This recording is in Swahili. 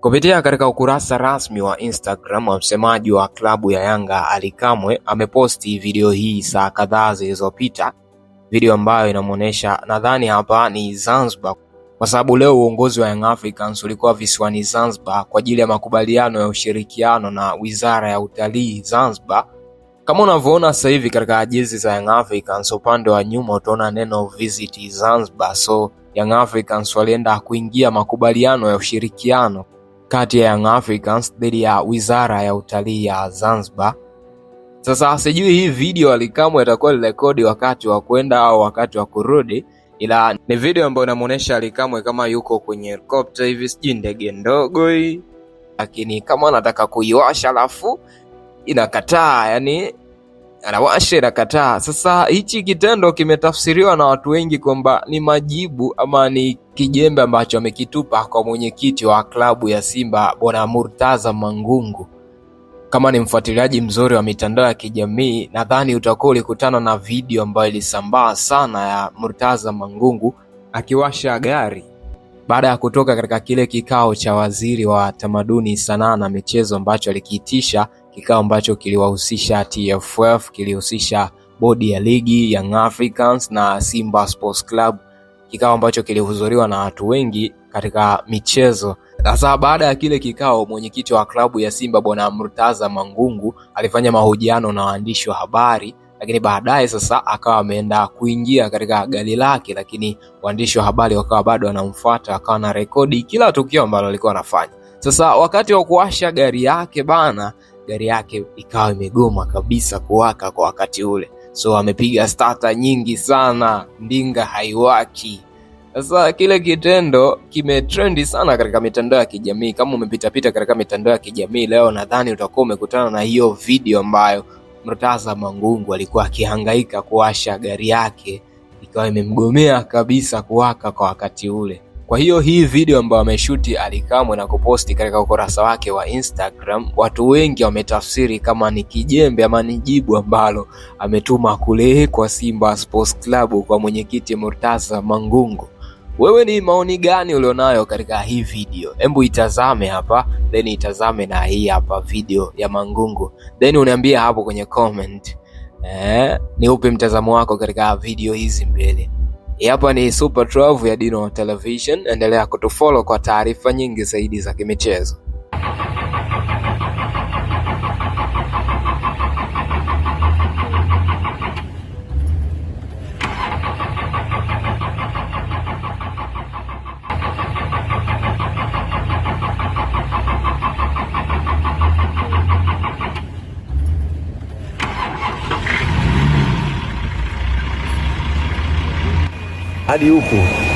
Kupitia katika ukurasa rasmi wa Instagram wa msemaji wa klabu ya Yanga Ally Kamwe ameposti video hii saa kadhaa zilizopita, video ambayo inamuonesha, nadhani hapa ni Zanzibar, kwa sababu leo uongozi wa Young Africans ulikuwa visiwani Zanzibar kwa ajili ya makubaliano ya ushirikiano na Wizara ya Utalii Zanzibar. Kama unavyoona sasa hivi katika jezi za Young Africans, upande wa nyuma utaona neno visit Zanzibar. So Young Africans walienda kuingia makubaliano ya ushirikiano kati ya Young Africans dhidi ya Wizara ya Utalii ya Zanzibar. Sasa sijui hii video Alikamwe itakuwa lirekodi wakati wa kwenda au wakati wa kurudi, ila ni video ambayo inamuonesha Alikamwe kama yuko kwenye helikopta hivi, sijui ndege ndogo hii, lakini kama anataka kuiwasha alafu inakataa, yani Anawashe na kataa. Sasa hichi kitendo kimetafsiriwa na watu wengi kwamba ni majibu ama ni kijembe ambacho amekitupa kwa mwenyekiti wa klabu ya Simba Bwana Murtaza Mangungu. Kama ni mfuatiliaji mzuri wa mitandao ya kijamii, nadhani utakuwa ulikutana na video ambayo ilisambaa sana ya Murtaza Mangungu akiwasha gari baada ya kutoka katika kile kikao cha waziri wa tamaduni, sanaa na michezo ambacho alikiitisha kikao ambacho kiliwahusisha TFF, kilihusisha bodi ya ligi Young Africans na Simba Sports Club, kikao ambacho kilihudhuriwa na watu wengi katika michezo. Sasa baada ya kile kikao, mwenyekiti wa klabu ya Simba bwana Murtaza Mangungu alifanya mahojiano na waandishi wa habari, lakini baadaye sasa akawa ameenda kuingia katika gari lake, lakini waandishi wa habari wakawa bado wanamfuata, akawa na rekodi kila tukio ambalo alikuwa anafanya. Sasa wakati wa kuwasha gari yake bana gari yake ikawa imegoma kabisa kuwaka kwa wakati ule. So amepiga stata nyingi sana, ndinga haiwaki. Sasa kile kitendo kimetrendi sana katika mitandao ya kijamii. Kama umepitapita katika mitandao ya kijamii leo, nadhani utakuwa umekutana na hiyo video ambayo mrtaza Mangungu alikuwa akihangaika kuwasha gari yake ikawa imemgomea kabisa kuwaka kwa wakati ule. Kwa hiyo hii video ambayo ameshuti Alikamwe na kuposti katika ukurasa wake wa Instagram, watu wengi wametafsiri kama ni kijembe ama ni jibu ambalo ametuma kule kwa Simba Sports Club kwa mwenyekiti Murtaza Mangungu. Wewe ni maoni gani ulionayo katika hii video? Hebu itazame hapa then itazame na hii hapa video ya Mangungu then uniambie hapo kwenye comment. Eh, ni upi mtazamo wako katika video hizi mbili? Eh, hapa ni Super 12 ya Dino Television, endelea kutufollow kwa taarifa nyingi zaidi za kimichezo. Ariuco.